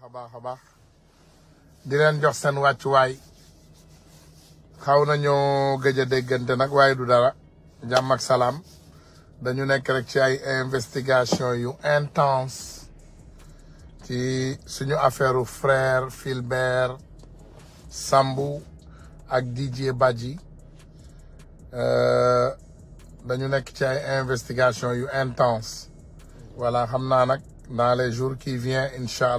baax a baax a baax di leen jox seen wàccuwaay xaw nañoo gëj a déggante nag du dara jàmm ak dañu nekk rek ci ay investigation yu intense ci suñu affaire u frère Philbert Sambou ak Baji Badji euh, dañu nekk ci ay investigation yu intense voilà xam naa dans les jours qui viennent incha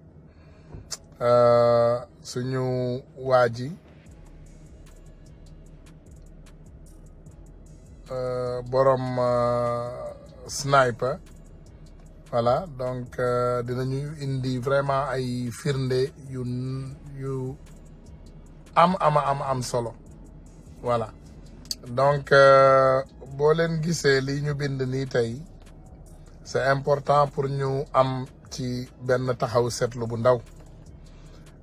Euh, suñu waa ji euh, borom euh, sniper voilà donc dinañu indi vraiment ay firnde yu am am am am solo wala donc booleen leen gisee lii ñu bind nii tey c'est important pour ñu am ci benn taxaw seetlu bu ndaw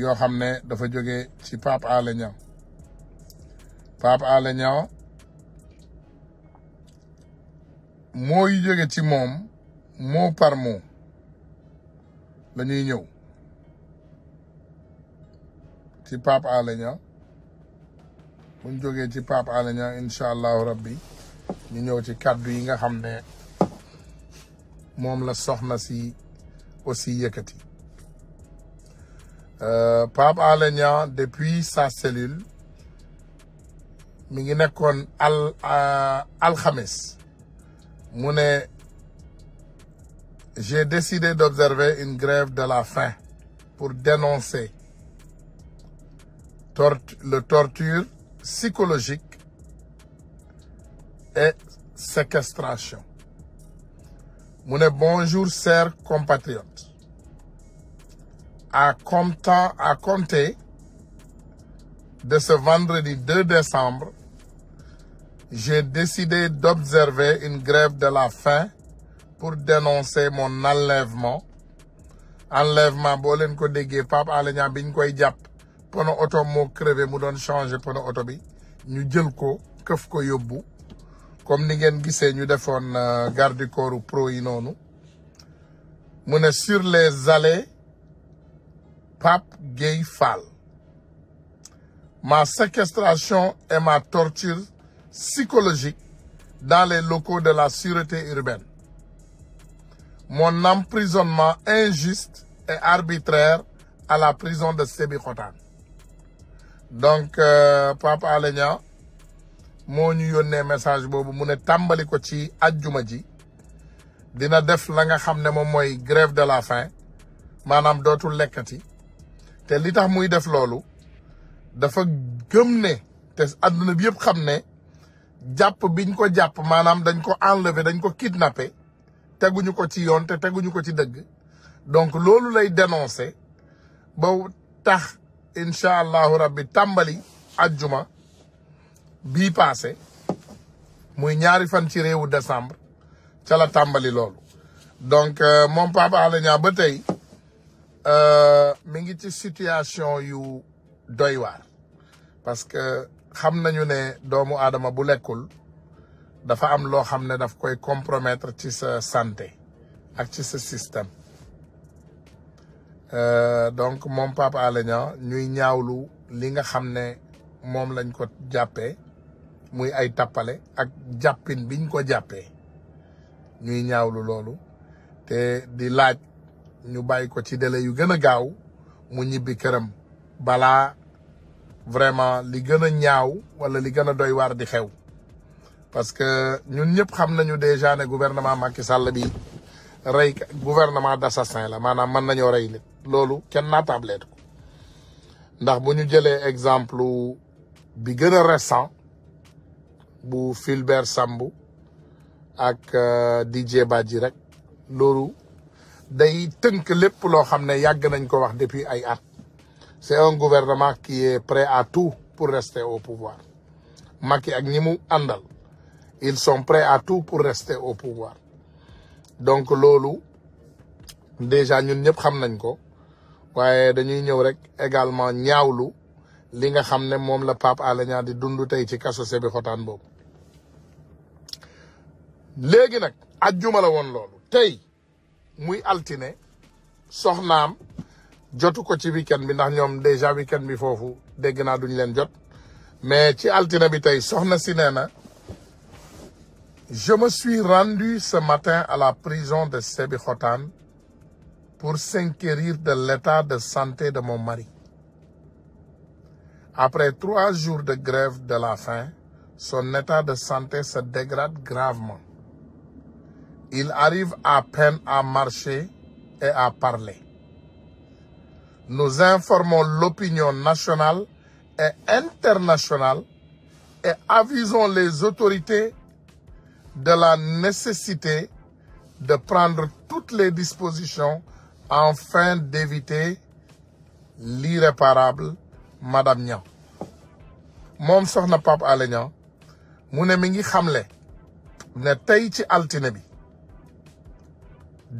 yoo xam ne dafa jóge ci Pape Alé Niang Pape Alé Niang moo yu jóge ci moom mot par mot la ñëw ci Pape Alé Niang buñ jógee ci Pape Alé Niang incha allahu rabbi ñu ñëw ci kàddu yi nga xam ne moom la soxna si aussi yëkkati Euh, Pape depuis sa cellule al euh, j'ai décidé d'observer une grève de la faim pour dénoncer la le torture psychologique et séquestration bonjour chers compatriotes à compter, à compter de ce vendredi 2 décembre, j'ai décidé d'observer une grève de la faim pour dénoncer mon enlèvement enlèvement boo leen ko dégué, Pape Alé Niang bi ñu koy jàpp nous oto crevé mu doon changé pono oto bi ñu jël ko keuf ko vous comme ni nous avons fait un garde corps pro yi Nous mu sur les allées Pape Gay Fall. Ma séquestration et ma torture psychologique dans les locaux de la sûreté urbaine. Mon emprisonnement injuste et arbitraire à la prison de Sébikotane. donc euh, Pape Alenia Mon message bobu mu ne tàmbali ko ci ajjuma dina def la nga grève de la faim manam dootul lekkati te li tax muy def loolu dafa gëm ne te àdduna bi yëpp xam ne jàpp biñ ko jàpp maanaam dañ ko enlever dañ ko kidnappé teguñu ko ci yoon te teguñu ko ci dëgg donc loolu lay dénoncé ba tax incha allahu rabbi tàmbali ajjuma bi passé muy ñaari fan ci réewu décembre ca la tàmbali loolu donc euh, moom Pape Alé Niang ba tey Euh, mi ngi ci situation yu doy parce que xam nañu ne doomu aadama bu lekkul dafa am loo xam ne daf koy compromettre ci sa santé ak ci sa système euh, donc moom Pape Alé Niang ñuy ñaawlu li nga xam ne moom lañ ko jàppee muy ay tappale ak jàppin biñ ko jàppee ñuy ñaawlu loolu te di laaj ñu bàyyi ko ci délai yu gën a gaaw mu ñibbi këram balaa vraiment li gën a ñaaw wala li gën a doy waar di xew parce que ñun ñëpp xam nañu déjà ne gouvernement Macky Sall bi rey gouvernement d'assassin la maanaam mën nañoo rey nit loolu kenn naa ko ndax bu ñu jëlee exemple bi gën a récent bu Fulbert Sambou ak euh, DJ Badji rek loolu day teunk lepp lo xam ne nañ ko wax depuis ay at c'est un gouvernement qui est prêt à tout pour rester au pouvoir Macky ak ñi andal ils sont prêts à tout pour rester au pouvoir donc lolu déjà ñun ñep xam nañ ko waye dañuy ñëw rek également ñaawlu li nga xam mom moom la Pape Alé Niang di dund tey ci kaso Sébikotane boobu légui nak aljuma la won lolu tay muy altine soxnam jotu ko ci weekend bi ndax ñom déjà weekend bi fofu dégg na duñ leen jot mais ci altine bi tay soxna si je me suis rendu ce matin à la prison de Khotan pour s'inquérir de l'état de santé de mon mari après trois jours de grève de la faim son état de santé se dégrade gravement il arrive à peine à marcher et à parler. Nous informons l'opinion nationale et internationale et avisons les autorités de la nécessité de prendre toutes les dispositions afin d'éviter l'irréparable Madame Nyan. Je vous Pape papa à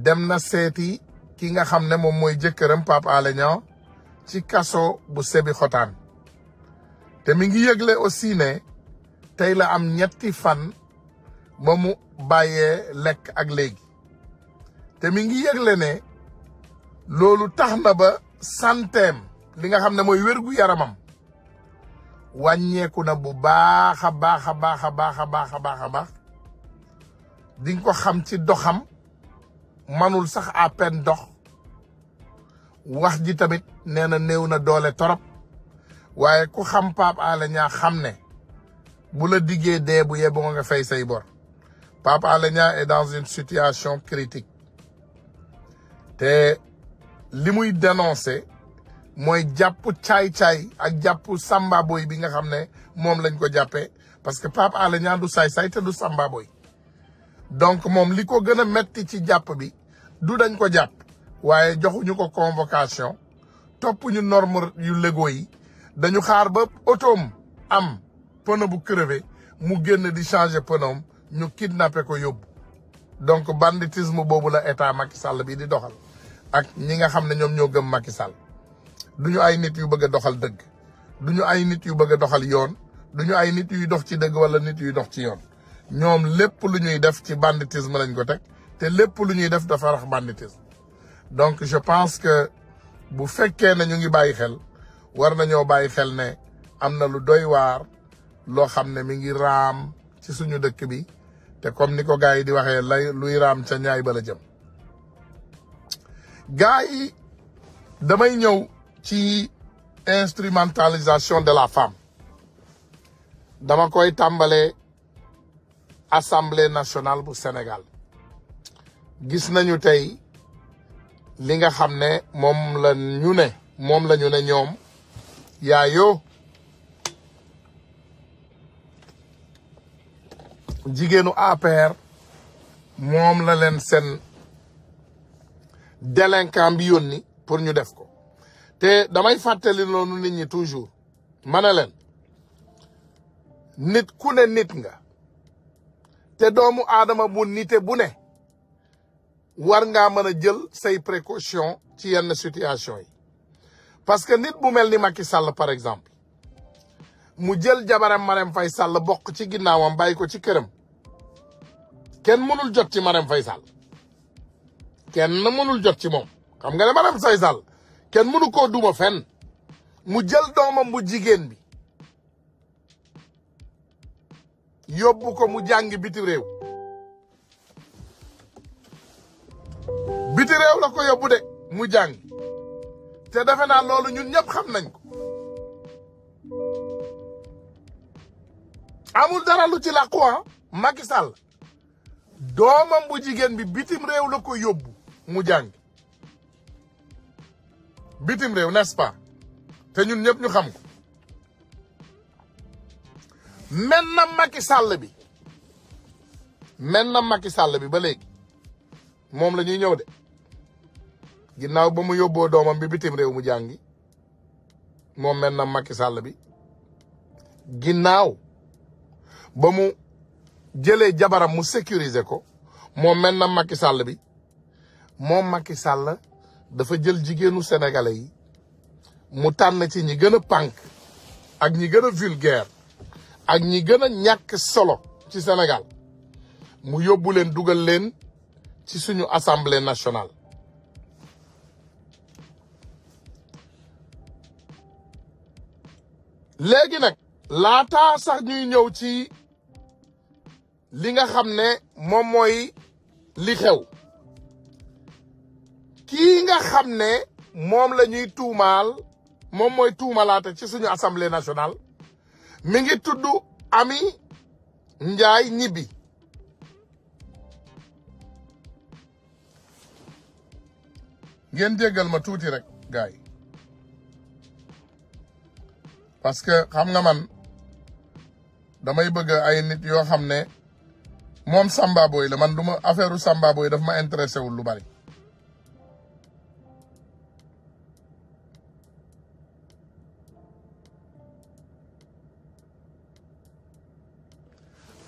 dem na seeti ki nga xam ne moom mooy jëkkëram Pape Alé Niang ci kaso bu sebi xotaan te mi ngi yëgle aussi ne tey la am ñetti fan momu mu bàyyee lekk ak léegi te mi ngi yëgle ne loolu tax na ba santem li nga xam ne mooy wérgu yaramam wàññeeku na bu baax a baax a baax a baax a baax a baax a baax di nga ko xam ci doxam manul sax à peine dox wax ji tamit na doole torop ku xam Pape ala xam ne bu la diggee est dans une situation critique te li muy dénoncé mooy jàpp caay ak samba boy bi nga xam ne lañ ko jàppee parce que Pape alenia te samba boy donc mom liko gëna metti ci japp bi du dañ ko jàpp waaye joxuñu ko convocation ñu norme yu lego yi dañu xaar ba autom am pneu bu crevé mu gën di changer pneu ñu kidnapper ko yob donc banditisme bobu la état Macky Sall bi di doxal ak ñi nga xamne ñom ñoo gëm Macky Sall duñu ay nit yu bëgg doxal deug duñu ay nit yu bëgg doxal yoon duñu ay nit yu dox ci deug wala nit yu dox ci yoon Nous lépp lu ñuy def banditisme lañ ko teg te lépp lu banditisme donc je pense que bu fekkee ne ñu ngi bàyyi xel war nañoo xel ne am lu doy ne mi ngi ci suñu dëkk bi comme ni ko di waxee lay instrumentalisation de la femme dama koy assemblée nationale bu Sénégal gis nañu tey li nga xam ne moom la ñu ne moom la ñu ne ñoom yayo jigéenu APR moom la leen sen délinquant bi yónni pour ñu def ko te damay fàttali loonu nit ñi toujours ma ne leen nit ku ne nit nga te doomu aadama bu nite bu ne war ngaa mën a jël say précaution ci yenn situation yi parce que nit bu mel ni maki Sall par exemple mu jël jabaram Marème fay Sall bokk ci ginnaawam bàyyi ko ci këram kenn mënul jot ci Marème Faye Sall kenn mënul jot ci moom xam nga ne Marème Faye Sall kenn mënu koo duma fenn mu jël doomam bu jigéen bi yóbbu ko mu jàngi biti réew biti réew ko yóbbu de mu jàng te defe naa loolu ñun ñëpp xam nañ ko amul dara lu ci làqu ah Macky Sall doomam bu jigéen bi bitim réew ko yóbbu mu jàng bitim réew nest te ñun ñëpp ñu xam men na Macky Sall bi men na Macky Sall bi ba léegi moom la ñuy ñëw de ginnaaw ba mu yóbboo doomam bi bitim réew mu jàngi moom men na Macky Sall bi ginnaaw ba mu jëlee jabaram mu sécuriser ko moom men na Macky Sall bi moom Macky Sall dafa jël jigéenu sénégalais yi mu tànn ci ñi gën a pànk ak ñi gën a vulgaire ak ñi gën a ñàkk solo ci senegal mu yóbbu leen dugal leen ci suñu assemblée nationale léegi nag laata sax ñuy ñëw ci li nga xam ne moom mooy li xew kii nga xam ne moom la ñuy tuumaal moom mooy tuumalaate ci suñu assemblée nationale mi ngi tudd Ami Njaay ñibbi ngeen jéggal ma tuuti rek gars yi parce que xam nga man damay bëgg ay nit yoo xam ne moom Samba Boy la man du affaire Samba Boy daf ma intéressé wul lu bari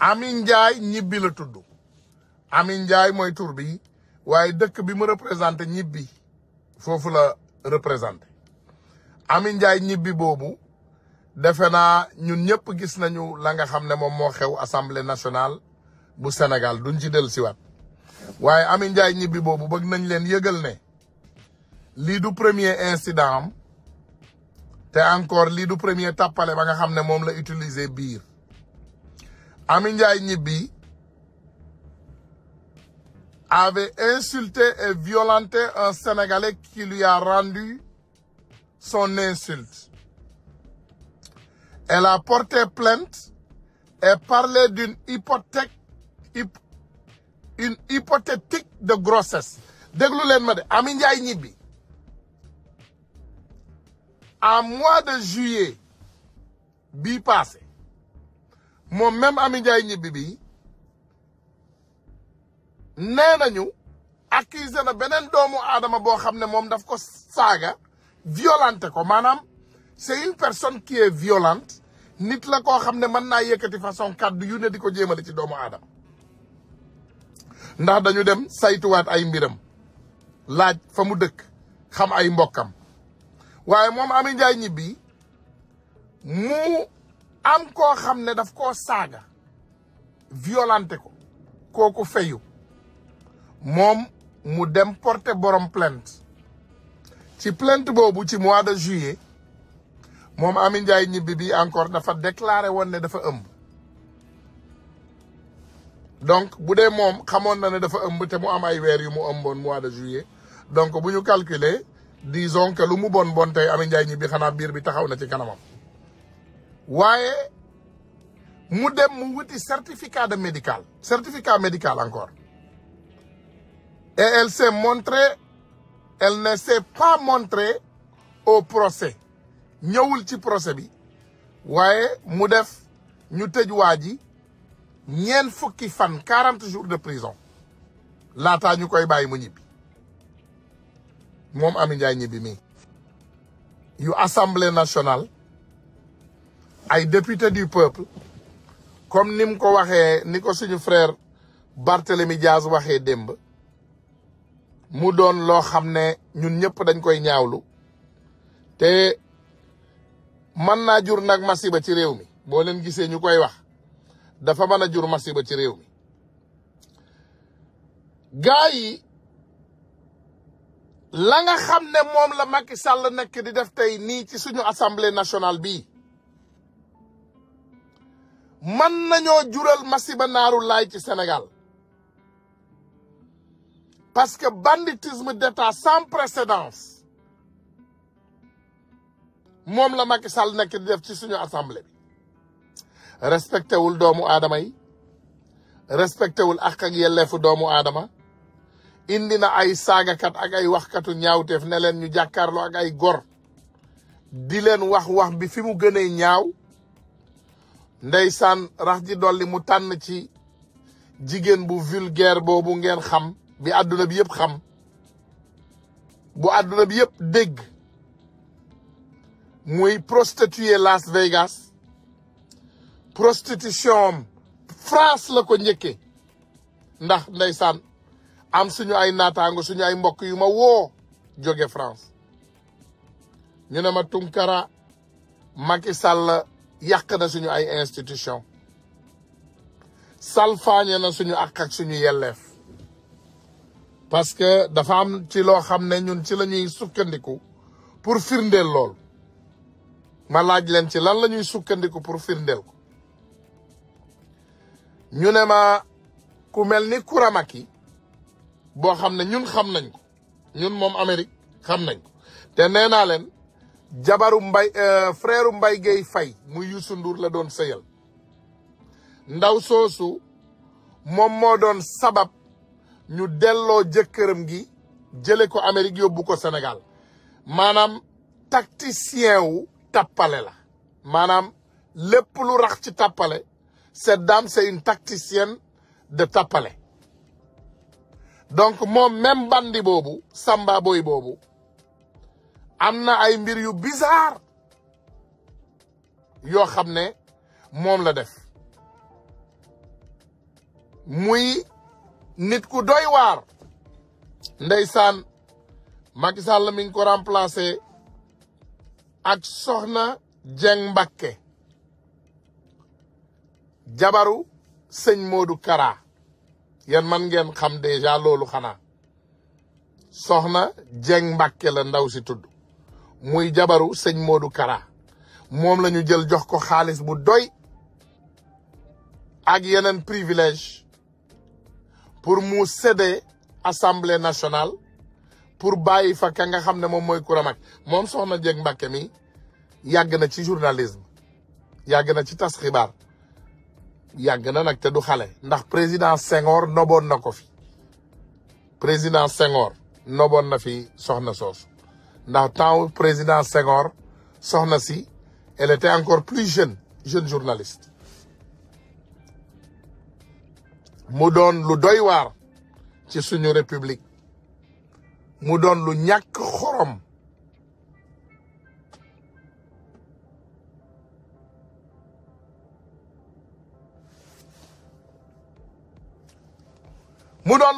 Amin Ndiaye ñibbi la tudd Amin Ndiaye mooy tur bi waaye dëkk bi mu représenté ñibbi foofu la représenté Amin Ndiaye ñibbi boobu defe naa ñun ñëpp gis nañu la nga xam ne moom moo xew assemblée nationale bu Sénégal duñ ci del siwaat waaye Amin Ndiaye ñibbi boobu bëgg nañ leen yëgal ne lii du premier incident te encore lii du premier tàppale ba nga xam ne moom la utiliser biir Amin Inibi avait insulté et violenté un Sénégalais qui lui a rendu son insulte. Elle a porté plainte et parlé d'une hypothèque, une hypothétique de grossesse. En mois de juillet, bi passé, moom même Amy Ndiaye ñibbi bi nee nañu accusé na beneen doomu aadama boo xam ne moom daf ko saaga violenté ko maanaam c'est une personne qui est violente nit la koo xam ne mën naa yëkkati façon kàddu yu ne di ko jéemale ci doomu aadama ndax dañu dem saytuwaat ay mbiram laaj fa mu dëkk xam ay mbokkam waaye moom Amy Ndiaye ñibbi mu am ko xam ne daf koo saaga violente ko kooku feyu moom mu dem porter borom plainte ci plainte boobu ci mois de juillet moom Amy Ndiaye ñibbi bi encore dafa déclaré woon ne dafa ëmb donc bu dee moom xamoon na ne dafa ëmb te mu am ay weer yu mu ëmboon mois de juillet donc bu ñu calculer disons que lu mu bon bon tey Amy Ndiaye ñibbi xanaa biir bi taxaw na ci kanamam certificat de médical certificat médical encore et elle s'est montrée elle ne s'est pas montrée au procès ñëwul ci procès bi a mu def ñu jours de prison laataa a dit Je assemblée nationale ay député du peuple comme nim ko waxee ni ko suñu frère Barthélemy Diaz waxee démb mu doon loo xam ne ñun ñëpp dañ koy ñaawlu te mën naa jur nag masiba ci réew mi boo leen gisee ñu koy wax dafa mën a jur masiba ci réew mi gaa yi la nga xam ne moom la Macky Sall nekk di def tey nii ci suñu assemblée nationale bii man nañoo jural masiba naaru laay ci Sénégal parce que banditisme d'État sans précédent moom la Macky sal nekk def ci suñu assemblée bi respecté wul doomu aadama yi respecté wul ak ak yelleefu doomu aadama indi na ay saagakat ak ay waxkatu ñaawteef ne leen ñu jàkkaarloo ak ay gor di leen wax wax bi fi mu gënee ñaaw ndeysaan rax ji dolli mu tànn ci jigéen bu vulgaire boobu ngeen xam bi àdduna bi yëpp xam bu àdduna bi yëpp dégg muy prostituée Las Vegas prostitution France la ko njëkke ndax ndeysaan am suñu ay naataango suñu ay mbokk yu ma woo joge France ñu ne ma Tunkara Macky yàq na suñu ay institution salfaañe na suñu àq ak suñu yelleef parce que dafa am ci loo xam ne ñun ci la ñuy sukkandiku pour firndeel lool ma laaj leen ci lan la ñuy sukkandiku pour firndeel ko ñu ne ma ku mel ni Kouramaki boo xam ne ñun xam nañ ko ñun moom Amérique xam nañ ko te nee naa leen jabaru mbay euh, freeru mbay gay fay muy Youssou la doon sëyal ndaw soosu moom moo doon sabab ñu delloo jëkkëram gi jële ko Amérique yóbbu ko senegal maanaam tacticien wu tappale la maanaam lépp lu rax ci tappale cette dame c'est une tacticienne de tappale donc moom même bandi boobu samba boy boobu am na ay mbir yu bizarre yoo xam ne moom la def muy nit ku doy waar ndeysaan Macky Sall mi ngi ko remplacé ak soxna Dieng Mbacké jabaru sëñ Modou Kara yan man ngeen xam déjà loolu xanaa soxna Dieng Mbacké la ndaw si tudd muy jabaru sëñ Modou Kara moom la ñu jël jox ko xaalis bu doy ak yeneen privilège pour mu céder assemblée nationale pour bàyyi fa ka nga xam ne moom mooy Coura Macky soxna Dieng Mbacké mi yàgg na ci journalisme yàgg na ci tas xibaar yàgg na nag te du xale ndax président Senghor noboon na ko fi président Senghor noboon na fi soxna soosu le temps président Senghor soxna si elle était encore plus jeune jeune journaliste mu Ludoïwar, lu doy ci suñu république mu l'ougnac lu Moudon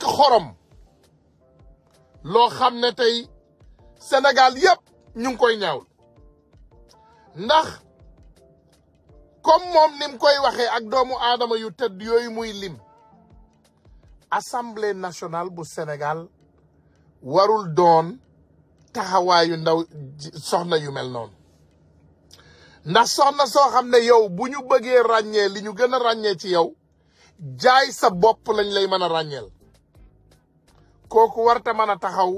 xorom mu donne lu Sénégal yëpp ñu ngi koy ñaawul ndax comme moom ni koy waxee ak doomu aadama yu tëdd yooyu muy lim assemblée nationale bu Sénégal warul doon taxawaayu ndaw soxna yu mel noonu ndax soxna soo xam ne yow bu ñu bëggee ràññee li ñu gën a ràññee ci yow jaay sa bopp lañ lay mën a ràññeel kooku warta mën a taxaw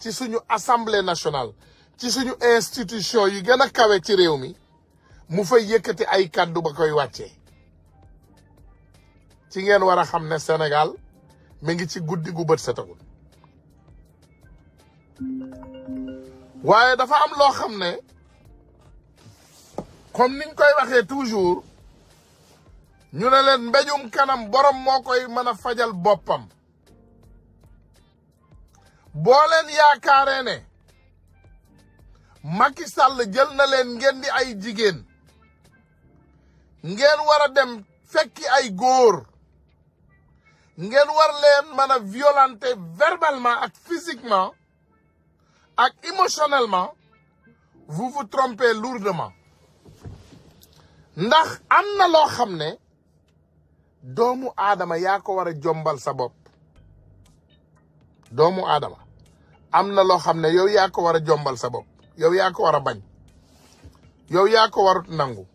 ci suñu assemblée nationale ci suñu institution yi gën a kawe ci réew mi mu fay yëkkati ay kàddu ba koy wàccee ci ngeen war a xam ne senegal mi ngi ci guddi gu bët setagul waaye dafa am loo xam ne kon niñ koy waxee toujours ñu ne leen mbéjum kanam borom moo koy mën a fajal boppam Si vous ne Macky na len ngeen ay jigen ngeen wara dem fekki ay Vous war violenter verbalement ak physiquement ak émotionnellement vous vous trompez lourdement ndax na xamne doomu ko doomu aadama am na loo xam ne yow yako ko war a jombal sa bopp yow yaa ko war a bañ yow yaa ko warut nangu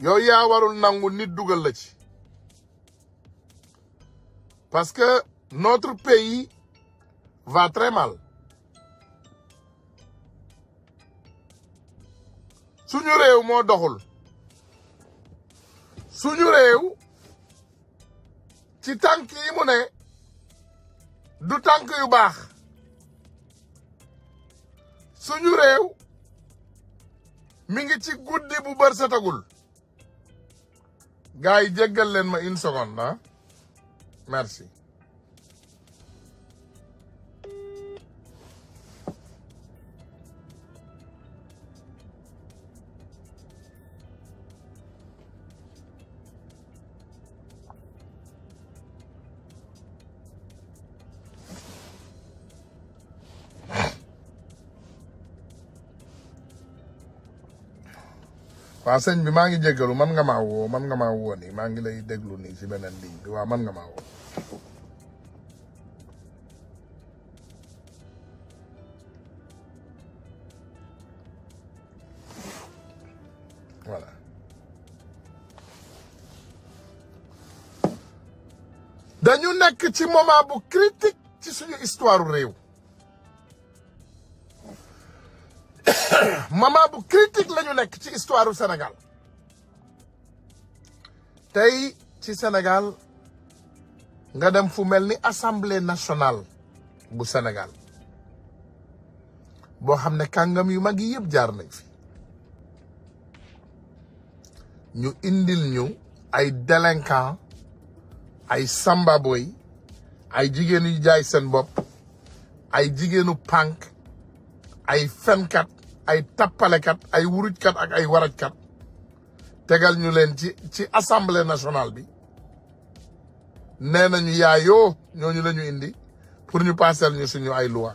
yow yaa warul nangu nit dugal la ci parce que notre pays va très mal suñu réew mo doxul suñu réew ci tànk yi mu du tànk yu baax suñu réew mi ngi ci guddi bu bër setagul gars yi leen ma une seconde ah merci waaw señ bi ma ngi jéggelu man nga ma wo man nga ma wo ni ma ngi lay déglu ni si benen ligne bi wa man nga ma wo voilà dañu nek ci moment bu critique ci suñu histoire réew moment bu critique la nekk ci histoire du tey ci Sénégal nga dem fu mel ni assemblée nationale bu senegal boo xam ne kàngam yu mag yi yëpp jaar nañ fi ñu indil ñu ay délinquant ay sambaboy ay jigéen yu jaay seen bopp ay jigéenu pànk ay fenkat ay tappalekat ay wurujkat ak ay warajkat tegal ñu leen ci ci assemblée nationale bi nee nañu yaayoo ñooñu la ñu indi pour ñu passer ñu suñu ay loi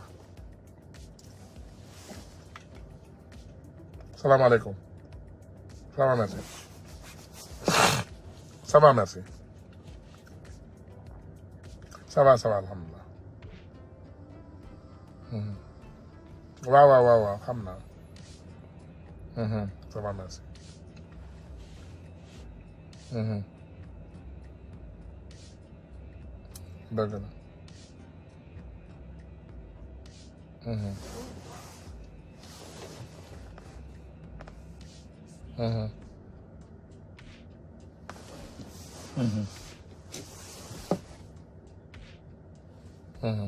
salaamaaleykum ça va merci ça va merci hmm. waaw waaw waaw waaw xam naa Mm-hmm. From our message. Mm-hmm. Burger. Mm-hmm. Mm-hmm. Mm-hmm. Mm-hmm.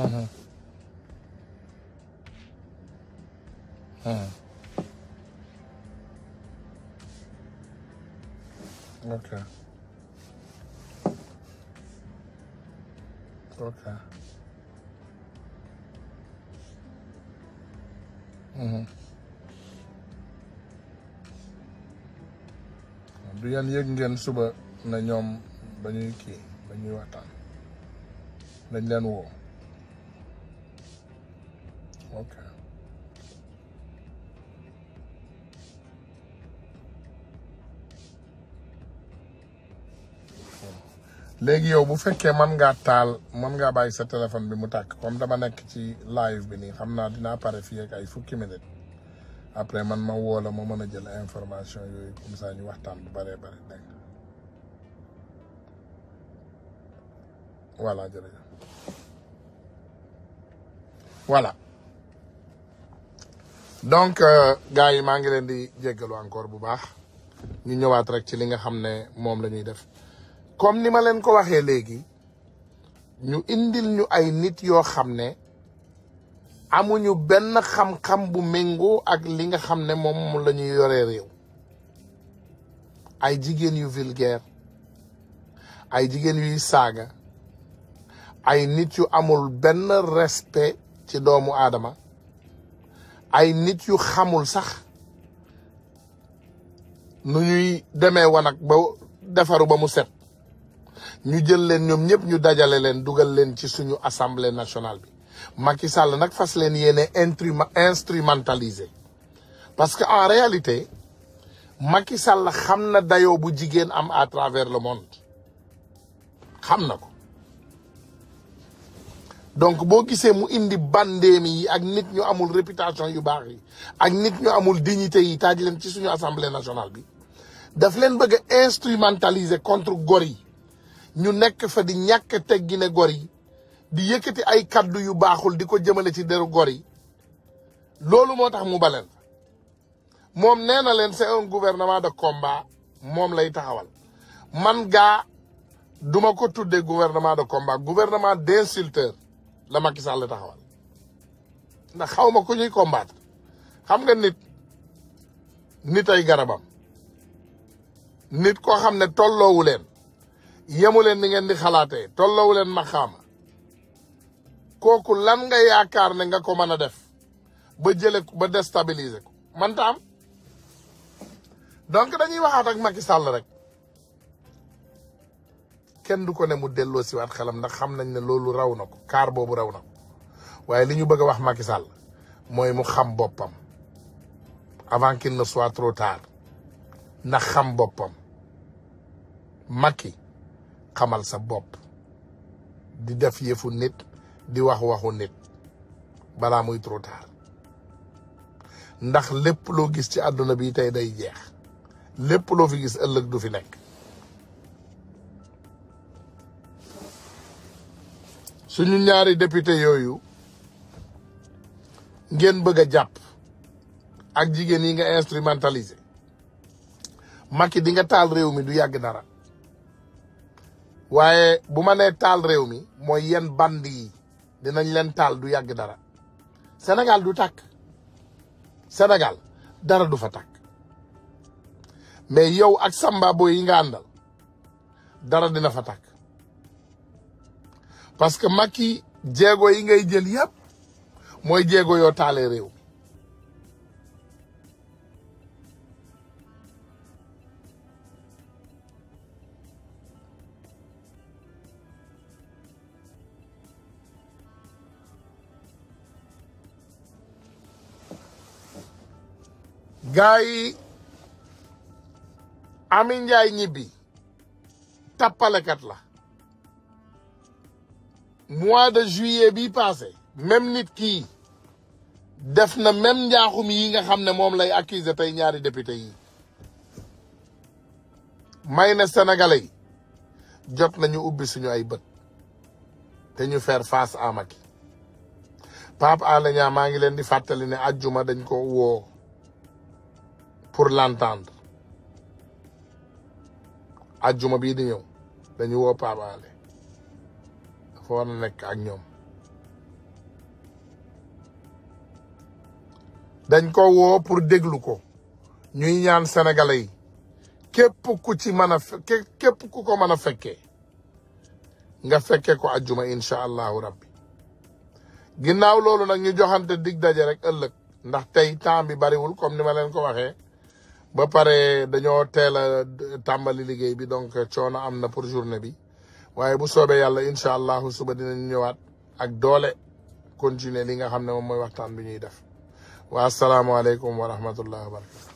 hmm, Aha. Okay. Okay. Mm-hmm. du yan yëg coba suba na ñoom ba ñuy Okay. léegi yow bu fekkee man ngaa taal man ngaa bàyyi sa téléphone bi mu tàkk comme dama nekk ci live bi nii xam naa dinaa pare fii ay fukki minute après man ma woo la ma mën a jël information yooyu comme ça ñu waxtaan bu bëree bëri dégg voilà jërëjëf voilà donc euh, gars yi maa ngi leen di jéggalu encore bu baax ñu ñëwaat rek ci li nga xam ne moom la ñuy def comme ni ma leen ko waxee léegi ñu indil ñu ay nit yoo xam ne amuñu benn xam-xam bu méngoo ak li nga xam ne moom la ñuy yoree réew ay jigéen yu vulgaire ay jigéen yuy saaga ay nit yu amul benn respect ci doomu aadama ay nit yu xamul sax nu ñuy demee wanag ba defaru ba mu set ñu jël leen ñoom ñëpp ñu dajale leen dugal leen ci suñu assemblée nationale bi Macky Sall nag fas leen yéene instrumentalisé parce que en réalité Macky Sall xam na dayoo bu jigéen am à travers le monde xam na ko donc boo gisee mu indi bandéemi yi ak nit ñu amul réputation yu baax yi ak nit ñu amul dignité yi taaj leen ci suñu assemblée nationale bi daf leen bëgg a instrumentaliser contre gor yi ñu nekk fa di ñàkk teggine gor yi di yëkkati ay kaddu yu baaxul di ko jëmale ci deru gor yi loolu moo tax mu baleen moom nee na leen c'est un gouvernement de combat moom lay taxawal man gaa duma ko tuddee gouvernement de combat gouvernement d'insulteur la Macky Sall taxawal ndax xaw ma ku ñuy combattre xam nga nit nit ay garabam nit koo xam ne tolloowu leen yemu leen ni ngeen di xalaatee tolloowu leen maxaama kooku lan nga yaakaar ne nga ko mën a def ba jële ba déstabiliser ko man taam donc dañuy waxaat ak Macky Sall rek kenn du ko ne mu delloo ci wat xalam ndax xam nañ ne lolu raw nako car bobu raw nako waye liñu bëgg wax Macky Sall moy mu xam bopam avant qu'il ne soit trop tard na xam bopam Macky xamal sa bop di def yefu nit di wax waxu nit bala muy trop tard ndax lepp lo gis ci aduna bi tay day jeex lepp lo fi gis ëllëg du fi nekk suñu ñaari député Yoyu, ngeen bëgg japp ak jigéen yi nga instrumentaliser maki di nga tal rew mi du yag dara waye bu ma nee taal réew mi moy yeen bandi dinañ leen tal du yag dara Sénégal du tak Sénégal dara du fa tak mais yow ak boy yi nga andal dara dina fa tak parce que maki jéego yi ngay jël yëpp moy jéego yo talé réew gaa amin jay ñibi la mois de juillet bi passé même nit kii def na même njaaxum yi nga xam ne moom lay accuser tey ñaari député yi may na sénégalais yi jot nañu ubbi suñu ay bët te ñu faire face à Macky Pape Alé maa ngi leen di fàttali ne ajjuma dañ ko woo pour l'entendre ajjuma bii di ñëw dañu woo Pape Alé dafa war a nekk ak ñoom dañ ko woo pour déglu ko ñuy ñaan sénégalais yi képp ku ci mën a képp ku ko mën a fekkee nga fekkee ko ajjuma incha allahu rabbi ginnaaw loolu nag ñu joxante dig daje rek ëllëg ndax tey temps bi bariwul comme ni ma leen ko waxee ba pare dañoo teel a tàmbali liggéey bi donc coono am na pour journée bi waaye bu soobee yàlla incha allah suba dinañ ñëwaat ak doole continuer li nga xam ne moom mooy waxtaan bi ñuy def waa asalaamaaleykum wa rahmatullah wa barakatu